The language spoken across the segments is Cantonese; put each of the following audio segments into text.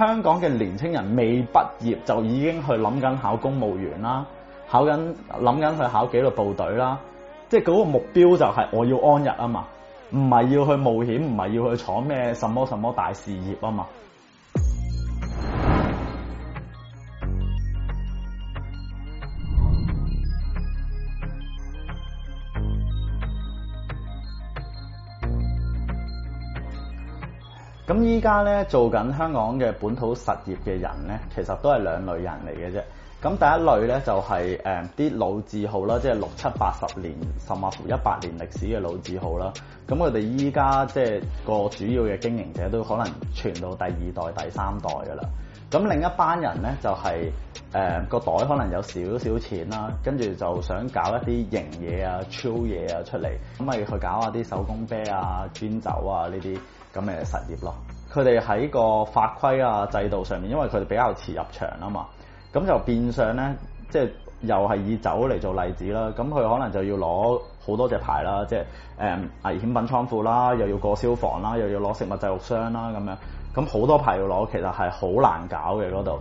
香港嘅年青人未畢業就已經去諗緊考公務員啦，考緊諗緊去考紀律部隊啦，即係嗰個目標就係我要安逸啊嘛，唔係要去冒險，唔係要去闖咩什麼什麼大事業啊嘛。咁依家咧做緊香港嘅本土實業嘅人咧，其實都係兩類人嚟嘅啫。咁第一類咧就係誒啲老字號啦，即係六七八十年，甚至乎一百年歷史嘅老字號啦。咁我哋依家即係個主要嘅經營者都可能傳到第二代、第三代㗎啦。咁另一班人咧就係誒個袋可能有少少錢啦，跟住就想搞一啲型嘢啊、潮嘢啊出嚟，咁咪去搞下啲手工啤啊、氈酒啊呢啲咁嘅實業咯。佢哋喺個法規啊制度上面，因為佢哋比較遲入場啊嘛，咁就變相咧即係。又係以酒嚟做例子啦，咁佢可能就要攞好多隻牌啦，即係誒、嗯、危險品倉庫啦，又要過消防啦，又要攞食物製造商啦，咁樣咁好多牌要攞，其實係好難搞嘅嗰度。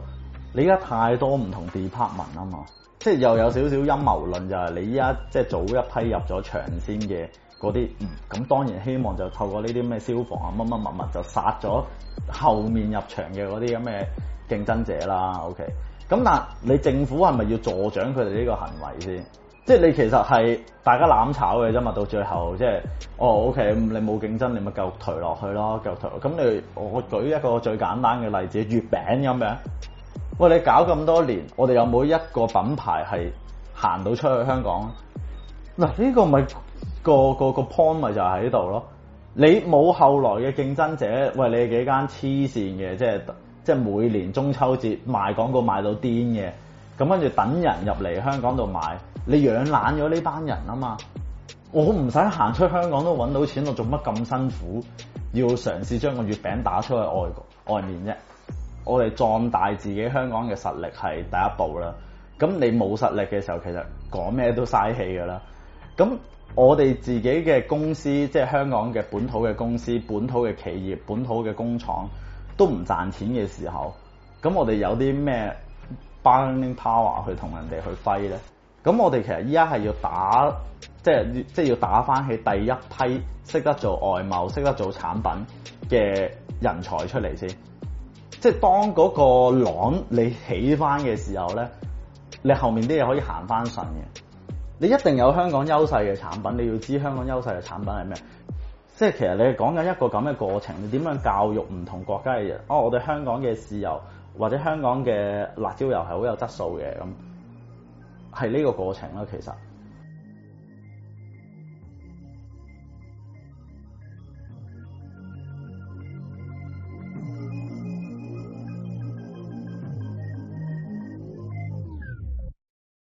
你而家太多唔同 department 啊嘛，即係又有少少陰謀論就係你而家即係早一批入咗場先嘅嗰啲，咁、嗯、當然希望就透過呢啲咩消防啊乜乜物物就殺咗後面入場嘅嗰啲咁嘅競爭者啦，OK。咁但你政府係咪要助長佢哋呢個行為先？即係你其實係大家攬炒嘅啫嘛，到最後即係哦，OK，你冇競爭，你咪繼續推落去咯，繼續推。咁你我舉一個最簡單嘅例子，月餅咁樣。喂，你搞咁多年，我哋有冇一個品牌係行到出去香港？嗱、這個就是，呢個咪個個個 point 咪就係喺度咯。你冇後來嘅競爭者，喂，你幾間黐線嘅，即係。即係每年中秋節賣廣告賣到癲嘅，咁跟住等人入嚟香港度買，你養懶咗呢班人啊嘛！我唔使行出香港都揾到錢，我做乜咁辛苦要嘗試將個月餅打出去外、外面啫？我哋壯大自己香港嘅實力係第一步啦。咁你冇實力嘅時候，其實講咩都嘥氣㗎喇。咁我哋自己嘅公司，即係香港嘅本土嘅公司、本土嘅企業、本土嘅工廠，都唔賺錢嘅時候，咁我哋有啲咩 bargaining power 去同人哋去揮咧？咁我哋其實依家係要打，即係即係要打翻起第一批識得做外貿、識得做產品嘅人才出嚟先。即係當嗰個籠你起翻嘅時候咧，你後面啲嘢可以行翻順嘅。你一定有香港優勢嘅產品，你要知香港優勢嘅產品係咩。即係其實你係講緊一個咁嘅過程，你點樣教育唔同國家嘅人？哦，我哋香港嘅豉油或者香港嘅辣椒油係好有質素嘅，咁係呢個過程啦，其實。